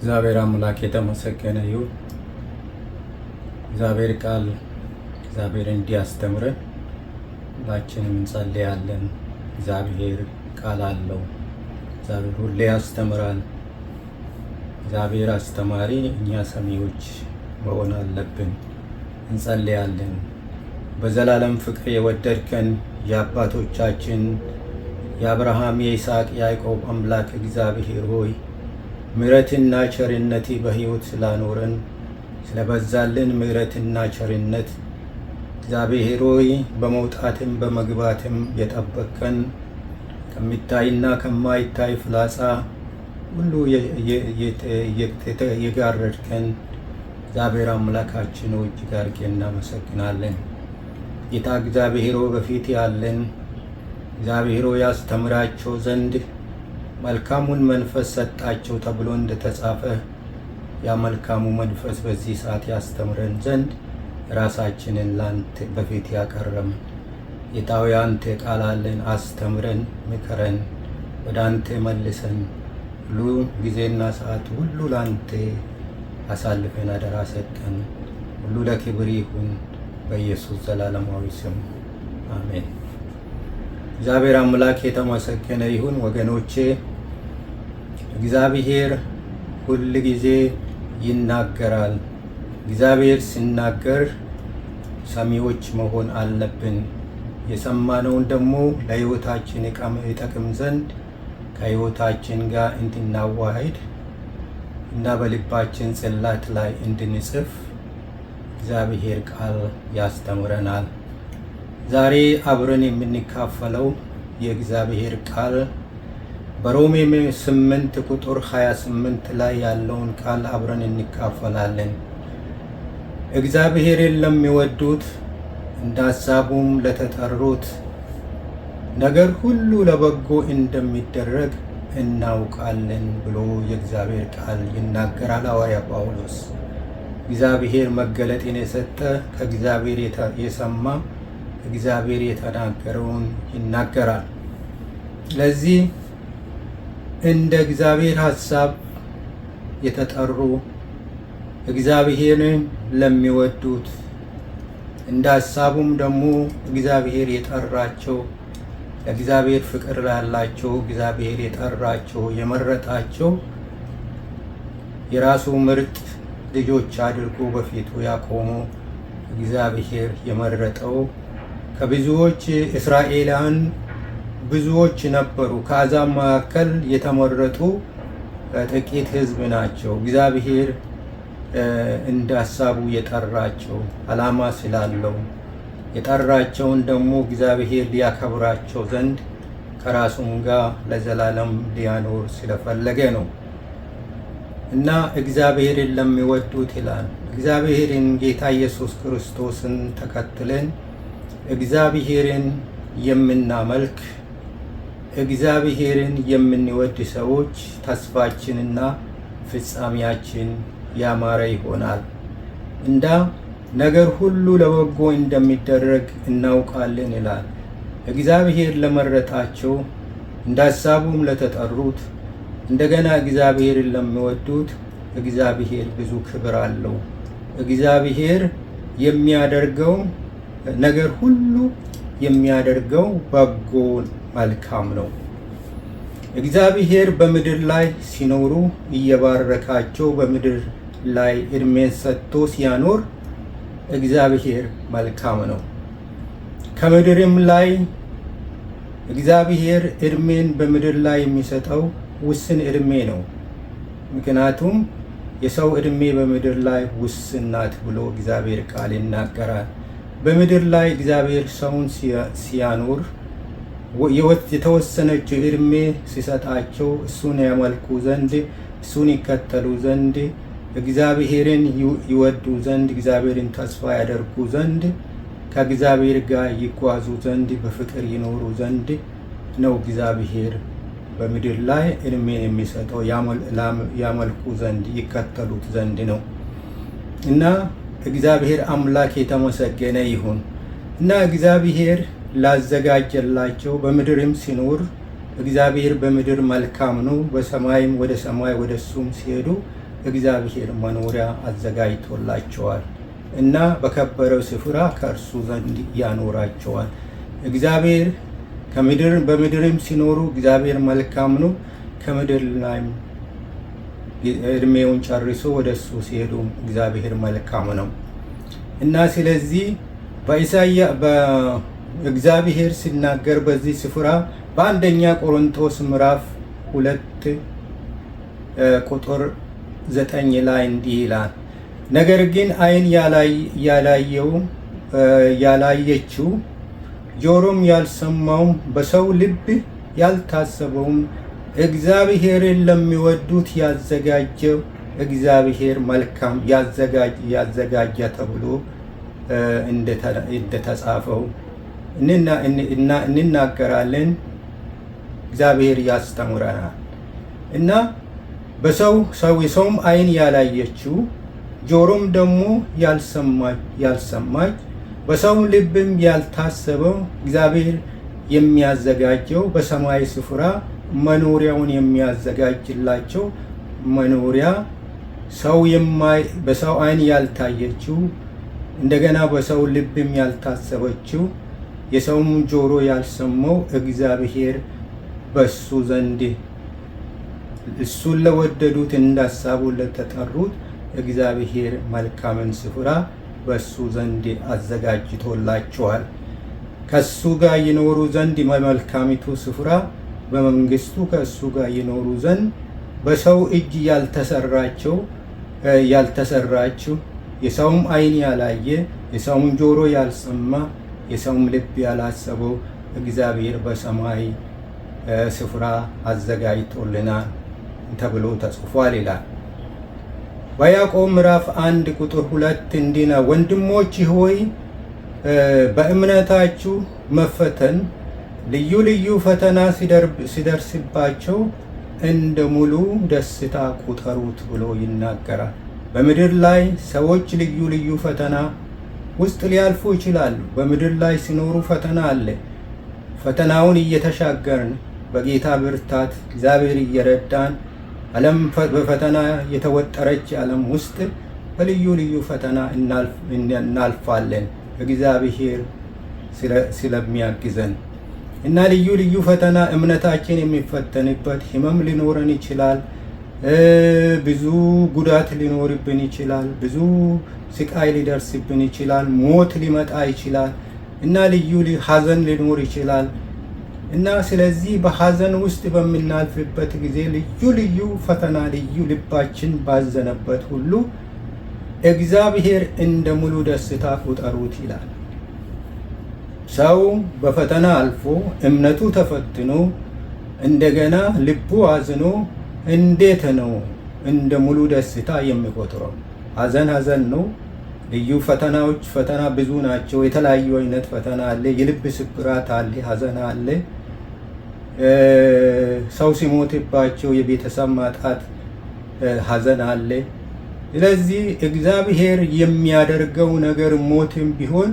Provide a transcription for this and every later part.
እግዚአብሔር አምላክ የተመሰገነ ይሁን። እግዚአብሔር ቃል እግዚአብሔር እንዲያስተምረን ሁላችንም እንጸልያለን። እግዚአብሔር ቃል አለው። እግዚአብሔር ሁሌ ያስተምራል። እግዚአብሔር አስተማሪ፣ እኛ ሰሚዎች መሆን አለብን። እንጸልያለን። በዘላለም ፍቅር የወደድከን የአባቶቻችን የአብርሃም የይስሐቅ፣ ያዕቆብ አምላክ እግዚአብሔር ሆይ ምሕረትና ቸርነት በሕይወት ስላኖረን ስለበዛልን ምሕረትና ቸርነት እግዚአብሔር ሆይ በመውጣትም በመግባትም የጠበቀን ከሚታይና ከማይታይ ፍላጻ ሁሉ የጋረድከን እግዚአብሔር አምላካችን ሆይ እጅግ አድርገን እናመሰግናለን። ጌታ እግዚአብሔር በፊት ያለን እግዚአብሔር ያስተምራቸው ዘንድ መልካሙን መንፈስ ሰጣቸው ተብሎ እንደተጻፈ ያ መልካሙ መንፈስ በዚህ ሰዓት ያስተምረን ዘንድ ራሳችንን ላንተ በፊት ያቀረም ጌታዊ አንተ ቃል አለን። አስተምረን፣ ምክረን፣ ወደ አንተ መልሰን። ሁሉ ጊዜና ሰዓት ሁሉ ላንተ አሳልፈን አደራ ሰጠን። ሁሉ ለክብር ይሁን በኢየሱስ ዘላለማዊ ስም አሜን። እግዚአብሔር አምላክ የተመሰገነ ይሁን ወገኖቼ። እግዚአብሔር ሁል ጊዜ ይናገራል። እግዚአብሔር ሲናገር ሰሚዎች መሆን አለብን። የሰማነውን ደግሞ ለሕይወታችን ይጠቅም ዘንድ ከሕይወታችን ጋር እንድናዋሂድ እና በልባችን ጽላት ላይ እንድንጽፍ እግዚአብሔር ቃል ያስተምረናል። ዛሬ አብረን የምንካፈለው የእግዚአብሔር ቃል በሮሜ 8 ቁጥር 28 ላይ ያለውን ቃል አብረን እንካፈላለን። እግዚአብሔርን ለሚወዱት እንደ ሀሳቡም ለተጠሩት ነገር ሁሉ ለበጎ እንደሚደረግ እናውቃለን ብሎ የእግዚአብሔር ቃል ይናገራል ሐዋርያ ጳውሎስ። እግዚአብሔር መገለጤን የሰጠ ከእግዚአብሔር የሰማ እግዚአብሔር የተናገረውን ይናገራል። ለዚህ እንደ እግዚአብሔር ሐሳብ የተጠሩ እግዚአብሔርን ለሚወዱት እንደ ሐሳቡም ደግሞ እግዚአብሔር የጠራቸው እግዚአብሔር ፍቅር ላላቸው እግዚአብሔር የጠራቸው የመረጣቸው የራሱ ምርጥ ልጆች አድርጎ በፊቱ ያቆሙ እግዚአብሔር የመረጠው ከብዙዎች እስራኤላውያን ብዙዎች ነበሩ፣ ከአሕዛብ መካከል የተመረጡ ጥቂት ሕዝብ ናቸው። እግዚአብሔር እንደ ሀሳቡ የጠራቸው ዓላማ ስላለው የጠራቸውን ደግሞ እግዚአብሔር ሊያከብራቸው ዘንድ ከራሱም ጋር ለዘላለም ሊያኖር ስለፈለገ ነው እና እግዚአብሔርን ለሚወዱት ይላል። እግዚአብሔርን ጌታ ኢየሱስ ክርስቶስን ተከትለን እግዚአብሔርን የምናመልክ እግዚአብሔርን የምንወድ ሰዎች ተስፋችንና ፍጻሜያችን ያማረ ይሆናል። እንዳ ነገር ሁሉ ለበጎ እንደሚደረግ እናውቃለን ይላል። እግዚአብሔር ለመረጣቸው እንደ ሀሳቡም ለተጠሩት እንደገና እግዚአብሔርን ለሚወዱት እግዚአብሔር ብዙ ክብር አለው። እግዚአብሔር የሚያደርገው ነገር ሁሉ የሚያደርገው በጎ መልካም ነው። እግዚአብሔር በምድር ላይ ሲኖሩ እየባረካቸው በምድር ላይ እድሜን ሰጥቶ ሲያኖር እግዚአብሔር መልካም ነው። ከምድርም ላይ እግዚአብሔር እድሜን በምድር ላይ የሚሰጠው ውስን እድሜ ነው። ምክንያቱም የሰው እድሜ በምድር ላይ ውስን ናት ብሎ እግዚአብሔር ቃል ይናገራል። በምድር ላይ እግዚአብሔር ሰውን ሲያኖር የተወሰነችው እድሜ ሲሰጣቸው እሱን ያመልኩ ዘንድ እሱን ይከተሉ ዘንድ እግዚአብሔርን ይወዱ ዘንድ እግዚአብሔርን ተስፋ ያደርጉ ዘንድ ከእግዚአብሔር ጋር ይጓዙ ዘንድ በፍቅር ይኖሩ ዘንድ ነው። እግዚአብሔር በምድር ላይ እድሜን የሚሰጠው ያመልኩ ዘንድ ይከተሉት ዘንድ ነው እና እግዚአብሔር አምላክ የተመሰገነ ይሁን እና እግዚአብሔር ላዘጋጀላቸው በምድርም ሲኖር እግዚአብሔር በምድር መልካም ነው፣ በሰማይም ወደ ሰማይ ወደ እሱም ሲሄዱ እግዚአብሔር መኖሪያ አዘጋጅቶላቸዋል እና በከበረው ስፍራ ከእርሱ ዘንድ ያኖራቸዋል። እግዚአብሔር ከምድር በምድርም ሲኖሩ እግዚአብሔር መልካም ነው። ከምድር ላይም እድሜውን ጨርሶ ወደ እሱ ሲሄዱ እግዚአብሔር መልካም ነው እና ስለዚህ በኢሳያ እግዚአብሔር ሲናገር በዚህ ስፍራ በአንደኛ ቆሮንቶስ ምዕራፍ ሁለት ቁጥር ዘጠኝ ላይ እንዲህ ይላል፣ ነገር ግን ዓይን ያላየው ያላየችው ጆሮም ያልሰማውም በሰው ልብ ያልታሰበውም እግዚአብሔርን ለሚወዱት ያዘጋጀው እግዚአብሔር መልካም ያዘጋጀ ተብሎ እንደተጻፈው እንናገራለን፣ እግዚአብሔር ያስተምረናል እና በሰው ሰው የሰውም አይን ያላየችው ጆሮም ደግሞ ያልሰማች በሰው ልብም ያልታሰበው እግዚአብሔር የሚያዘጋጀው በሰማይ ስፍራ መኖሪያውን የሚያዘጋጅላቸው መኖሪያ ሰው በሰው አይን ያልታየችው እንደገና በሰው ልብም ያልታሰበችው የሰውም ጆሮ ያልሰማው እግዚአብሔር በሱ ዘንድ እሱን ለወደዱት እንዳሳቡ ለተጠሩት እግዚአብሔር መልካምን ስፍራ በሱ ዘንድ አዘጋጅቶላቸዋል። ከሱ ጋር ይኖሩ ዘንድ መልካሚቱ ስፍራ በመንግስቱ ከእሱ ጋር ይኖሩ ዘንድ በሰው እጅ ያልተሰራቸው ያልተሰራችው የሰውም አይን ያላየ የሰውም ጆሮ ያልሰማ የሰውም ልብ ያላሰበው እግዚአብሔር በሰማይ ስፍራ አዘጋጅቶልናል ተብሎ ተጽፏል ይላል። በያዕቆብ ምዕራፍ አንድ ቁጥር ሁለት እንዲህ ነው፣ ወንድሞች ሆይ በእምነታችሁ መፈተን ልዩ ልዩ ፈተና ሲደርስባቸው እንደ ሙሉ ደስታ ቁጠሩት ብሎ ይናገራል። በምድር ላይ ሰዎች ልዩ ልዩ ፈተና ውስጥ ሊያልፉ ይችላሉ። በምድር ላይ ሲኖሩ ፈተና አለ። ፈተናውን እየተሻገርን በጌታ ብርታት እግዚአብሔር እየረዳን ዓለም በፈተና የተወጠረች ዓለም ውስጥ በልዩ ልዩ ፈተና እናልፋለን። እግዚአብሔር ስለሚያግዘን እና ልዩ ልዩ ፈተና እምነታችን የሚፈተንበት ህመም ሊኖረን ይችላል። ብዙ ጉዳት ሊኖርብን ይችላል። ብዙ ስቃይ ሊደርስብን ይችላል። ሞት ሊመጣ ይችላል እና ልዩ ሀዘን ሊኖር ይችላል እና ስለዚህ በሀዘን ውስጥ በምናልፍበት ጊዜ ልዩ ልዩ ፈተና ልዩ ልባችን ባዘነበት ሁሉ እግዚአብሔር እንደ ሙሉ ደስታ ቁጠሩት ይላል። ሰው በፈተና አልፎ እምነቱ ተፈትኖ እንደገና ልቡ አዝኖ እንዴት ነው እንደ ሙሉ ደስታ የሚቆጥረው? ሀዘን ሀዘን ነው። ልዩ ፈተናዎች ፈተና ብዙ ናቸው። የተለያዩ አይነት ፈተና አለ። የልብ ስብራት አለ፣ ሀዘን አለ። ሰው ሲሞትባቸው የቤተሰብ ማጣት ሀዘን አለ። ስለዚህ እግዚአብሔር የሚያደርገው ነገር ሞትም ቢሆን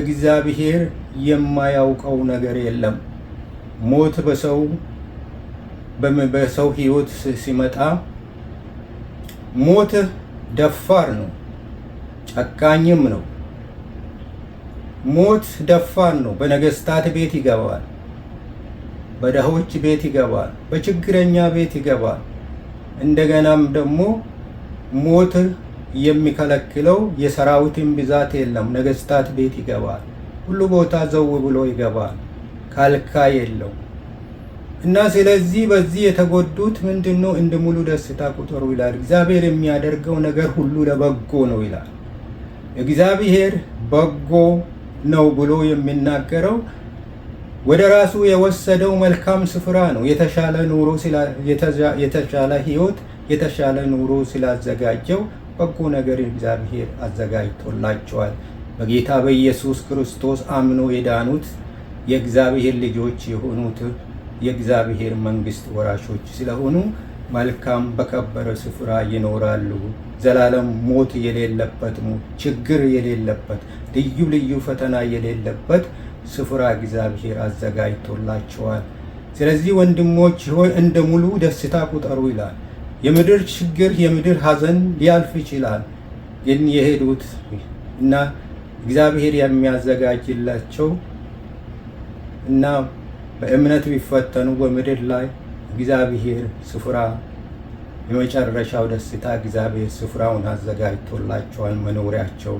እግዚአብሔር የማያውቀው ነገር የለም። ሞት በሰው በሰው ህይወት ሲመጣ ሞት ደፋር ነው፣ ጨካኝም ነው። ሞት ደፋር ነው። በነገስታት ቤት ይገባል፣ በደሆች ቤት ይገባል፣ በችግረኛ ቤት ይገባል። እንደገናም ደግሞ ሞት የሚከለክለው የሰራዊትን ብዛት የለም። ነገስታት ቤት ይገባል፣ ሁሉ ቦታ ዘው ብሎ ይገባል፣ ካልካ የለው። እና ስለዚህ በዚህ የተጎዱት ምንድን ነው? እንደ ሙሉ ደስታ ቁጠሩ ይላል። እግዚአብሔር የሚያደርገው ነገር ሁሉ ለበጎ ነው ይላል። እግዚአብሔር በጎ ነው ብሎ የሚናገረው ወደ ራሱ የወሰደው መልካም ስፍራ ነው። የተሻለ ኑሮ የተሻለ ህይወት የተሻለ ኑሮ ስላዘጋጀው በጎ ነገር እግዚአብሔር አዘጋጅቶላቸዋል። በጌታ በኢየሱስ ክርስቶስ አምኖ የዳኑት የእግዚአብሔር ልጆች የሆኑት የእግዚአብሔር መንግስት ወራሾች ስለሆኑ መልካም በከበረ ስፍራ ይኖራሉ። ዘላለም ሞት የሌለበት ችግር የሌለበት ልዩ ልዩ ፈተና የሌለበት ስፍራ እግዚአብሔር አዘጋጅቶላቸዋል። ስለዚህ ወንድሞች ሆይ እንደ ሙሉ ደስታ ቁጠሩ ይላል። የምድር ችግር የምድር ሐዘን ሊያልፍ ይችላል። ግን የሄዱት እና እግዚአብሔር የሚያዘጋጅላቸው እና በእምነት ቢፈተኑ በምድር ላይ እግዚአብሔር ስፍራ የመጨረሻው ደስታ እግዚአብሔር ስፍራውን አዘጋጅቶላቸዋል። መኖሪያቸው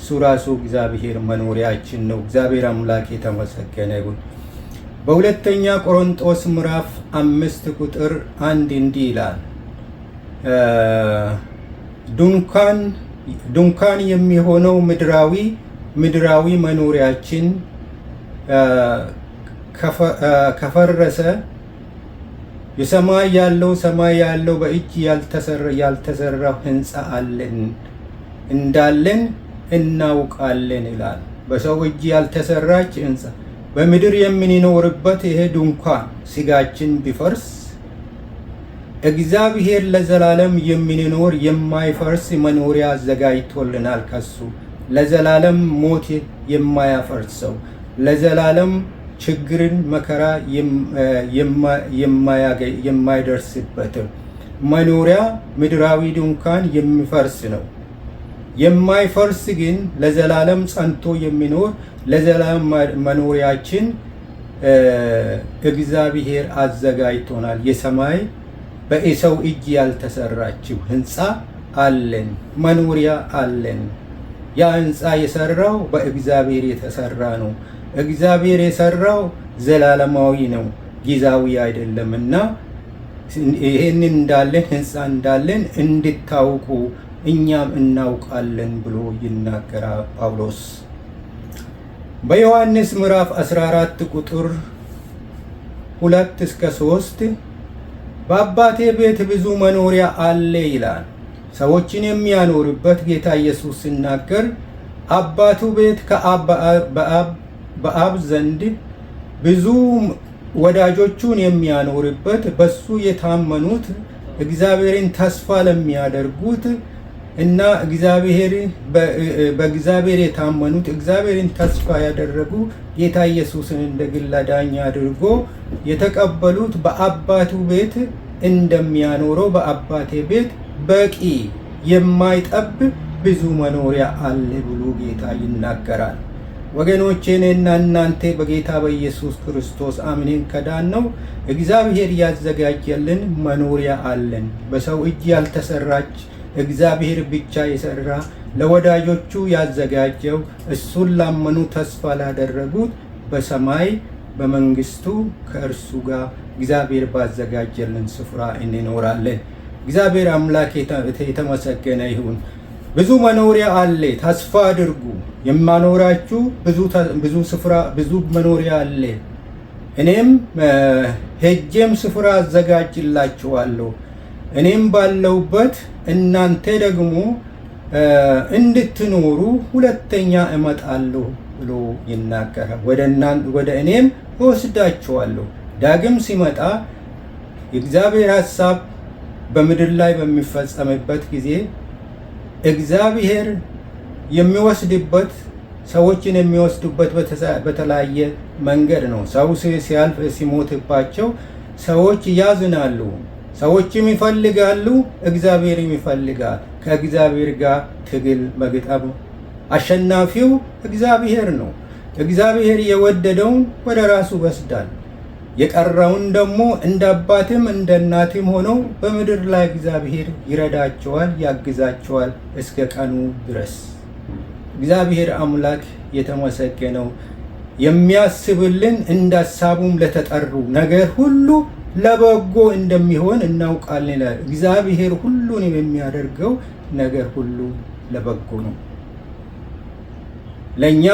እሱ ራሱ እግዚአብሔር መኖሪያችን ነው። እግዚአብሔር አምላክ የተመሰገነ ይሁን። በሁለተኛ ቆሮንጦስ ምዕራፍ አምስት ቁጥር አንድ እንዲህ ይላል ድንኳን ድንኳን የሚሆነው ምድራዊ ምድራዊ መኖሪያችን ከፈረሰ የሰማይ ያለው ሰማይ ያለው በእጅ ያልተሰራው ህንፃ አለን እንዳለን እናውቃለን ይላል። በሰው እጅ ያልተሰራች ህንፃ በምድር የምንኖርበት ይሄ ድንኳን ስጋችን ቢፈርስ እግዚአብሔር ለዘላለም የሚኖር የማይፈርስ መኖሪያ አዘጋጅቶልናል። ከሱ ለዘላለም ሞት የማያፈርሰው ለዘላለም ችግርን መከራ የማይደርስበትም መኖሪያ ምድራዊ ድንኳን የሚፈርስ ነው። የማይፈርስ ግን ለዘላለም ጸንቶ የሚኖር ለዘላለም መኖሪያችን እግዚአብሔር አዘጋጅቶናል። የሰማይ በሰው እጅ ያልተሰራችው ህንፃ አለን፣ መኖሪያ አለን። ያ ህንፃ የሰራው በእግዚአብሔር የተሰራ ነው። እግዚአብሔር የሰራው ዘላለማዊ ነው፣ ጊዜያዊ አይደለምና ይህን እንዳለን ህንፃ እንዳለን እንድታውቁ እኛም እናውቃለን ብሎ ይናገራል ጳውሎስ። በዮሐንስ ምዕራፍ 14 ቁጥር 2 እስከ 3 በአባቴ ቤት ብዙ መኖሪያ አለ ይላል። ሰዎችን የሚያኖርበት ጌታ ኢየሱስ ሲናገር አባቱ ቤት በአብ በአብ ዘንድ ብዙ ወዳጆቹን የሚያኖርበት በሱ የታመኑት እግዚአብሔርን ተስፋ ለሚያደርጉት እና እግዚአብሔር በእግዚአብሔር የታመኑት እግዚአብሔርን ተስፋ ያደረጉ ጌታ ኢየሱስን እንደ ግል አዳኝ አድርጎ የተቀበሉት በአባቱ ቤት እንደሚያኖረው በአባቴ ቤት በቂ የማይጠብ ብዙ መኖሪያ አለ ብሎ ጌታ ይናገራል። ወገኖቼ እኔና እናንተ በጌታ በኢየሱስ ክርስቶስ አምኔን ከዳን ነው። እግዚአብሔር ያዘጋጀልን መኖሪያ አለን። በሰው እጅ ያልተሰራች እግዚአብሔር ብቻ የሰራ ለወዳጆቹ ያዘጋጀው እሱን ላመኑ ተስፋ ላደረጉት በሰማይ በመንግስቱ ከእርሱ ጋር እግዚአብሔር ባዘጋጀልን ስፍራ እንኖራለን። እግዚአብሔር አምላክ የተመሰገነ ይሁን። ብዙ መኖሪያ አለ፣ ተስፋ አድርጉ። የማኖራችሁ ብዙ ስፍራ ብዙ መኖሪያ አለ። እኔም ሄጄም ስፍራ አዘጋጅላችኋለሁ። እኔም ባለውበት እናንተ ደግሞ እንድትኖሩ ሁለተኛ እመጣለሁ ብሎ ይናገራል። ወደ እኔም እወስዳችኋለሁ። ዳግም ሲመጣ የእግዚአብሔር ሀሳብ በምድር ላይ በሚፈጸምበት ጊዜ እግዚአብሔር የሚወስድበት ሰዎችን የሚወስዱበት በተለያየ መንገድ ነው። ሰው ሲያልፍ ሲሞትባቸው ሰዎች ያዝናሉ። ሰዎችም ይፈልጋሉ፣ እግዚአብሔርም ይፈልጋል። ከእግዚአብሔር ጋር ትግል መግጠም አሸናፊው እግዚአብሔር ነው። እግዚአብሔር የወደደውን ወደ ራሱ ይወስዳል። የቀረውን ደግሞ እንደ አባትም እንደ እናትም ሆነው በምድር ላይ እግዚአብሔር ይረዳቸዋል፣ ያግዛቸዋል እስከ ቀኑ ድረስ። እግዚአብሔር አምላክ የተመሰገነው የሚያስብልን እንደ ሀሳቡም ለተጠሩ ነገር ሁሉ ለበጎ እንደሚሆን እናውቃለን ይላል። እግዚአብሔር ሁሉንም የሚያደርገው ነገር ሁሉ ለበጎ ነው። ለእኛ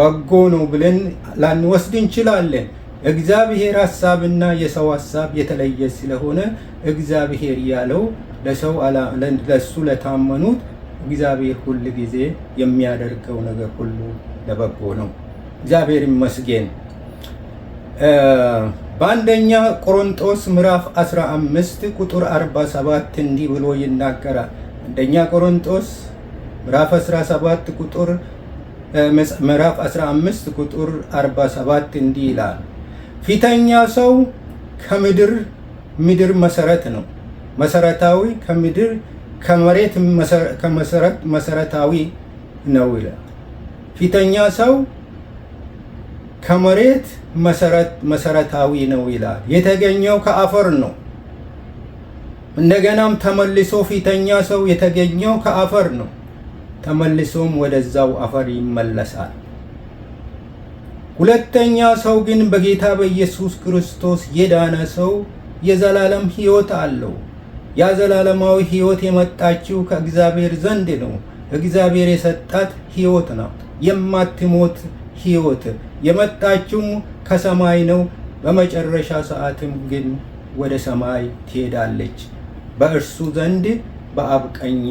በጎ ነው ብለን ላንወስድ እንችላለን። እግዚአብሔር ሀሳብና የሰው ሀሳብ የተለየ ስለሆነ እግዚአብሔር ያለው ለሰው ለሱ ለታመኑት እግዚአብሔር ሁል ጊዜ የሚያደርገው ነገር ሁሉ ለበጎ ነው። እግዚአብሔር ይመስገን። በአንደኛ ቆሮንጦስ ምዕራፍ 15 ቁጥር 47 እንዲህ ብሎ ይናገራል። አንደኛ ቆሮንጦስ ምዕራፍ 17 ቁጥር ምዕራፍ 15 ቁጥር 47 እንዲህ ይላል ፊተኛ ሰው ከምድር ምድር መሰረት ነው። መሰረታዊ ከምድር ከመሬት ከመሰረት መሰረታዊ ነው ይላል። ፊተኛ ሰው ከመሬት መሰረት መሰረታዊ ነው ይላል። የተገኘው ከአፈር ነው። እንደገናም ተመልሶ ፊተኛ ሰው የተገኘው ከአፈር ነው። ተመልሶም ወደዛው አፈር ይመለሳል። ሁለተኛ ሰው ግን በጌታ በኢየሱስ ክርስቶስ የዳነ ሰው የዘላለም ሕይወት አለው። ያ ዘላለማዊ ሕይወት የመጣችው ከእግዚአብሔር ዘንድ ነው። እግዚአብሔር የሰጣት ሕይወት ነው። የማትሞት ሕይወት የመጣችውም ከሰማይ ነው። በመጨረሻ ሰዓትም ግን ወደ ሰማይ ትሄዳለች። በእርሱ ዘንድ በአብ ቀኝ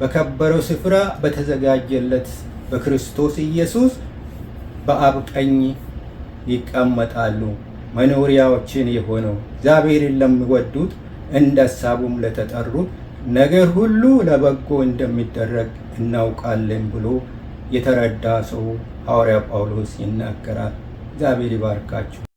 በከበረው ስፍራ በተዘጋጀለት በክርስቶስ ኢየሱስ በአብ ቀኝ ይቀመጣሉ። መኖሪያዎችን የሆነው እግዚአብሔርን ለሚወዱት እንደ ሀሳቡም ለተጠሩት ነገር ሁሉ ለበጎ እንደሚደረግ እናውቃለን ብሎ የተረዳ ሰው ሐዋርያ ጳውሎስ ይናገራል። እግዚአብሔር ይባርካችሁ።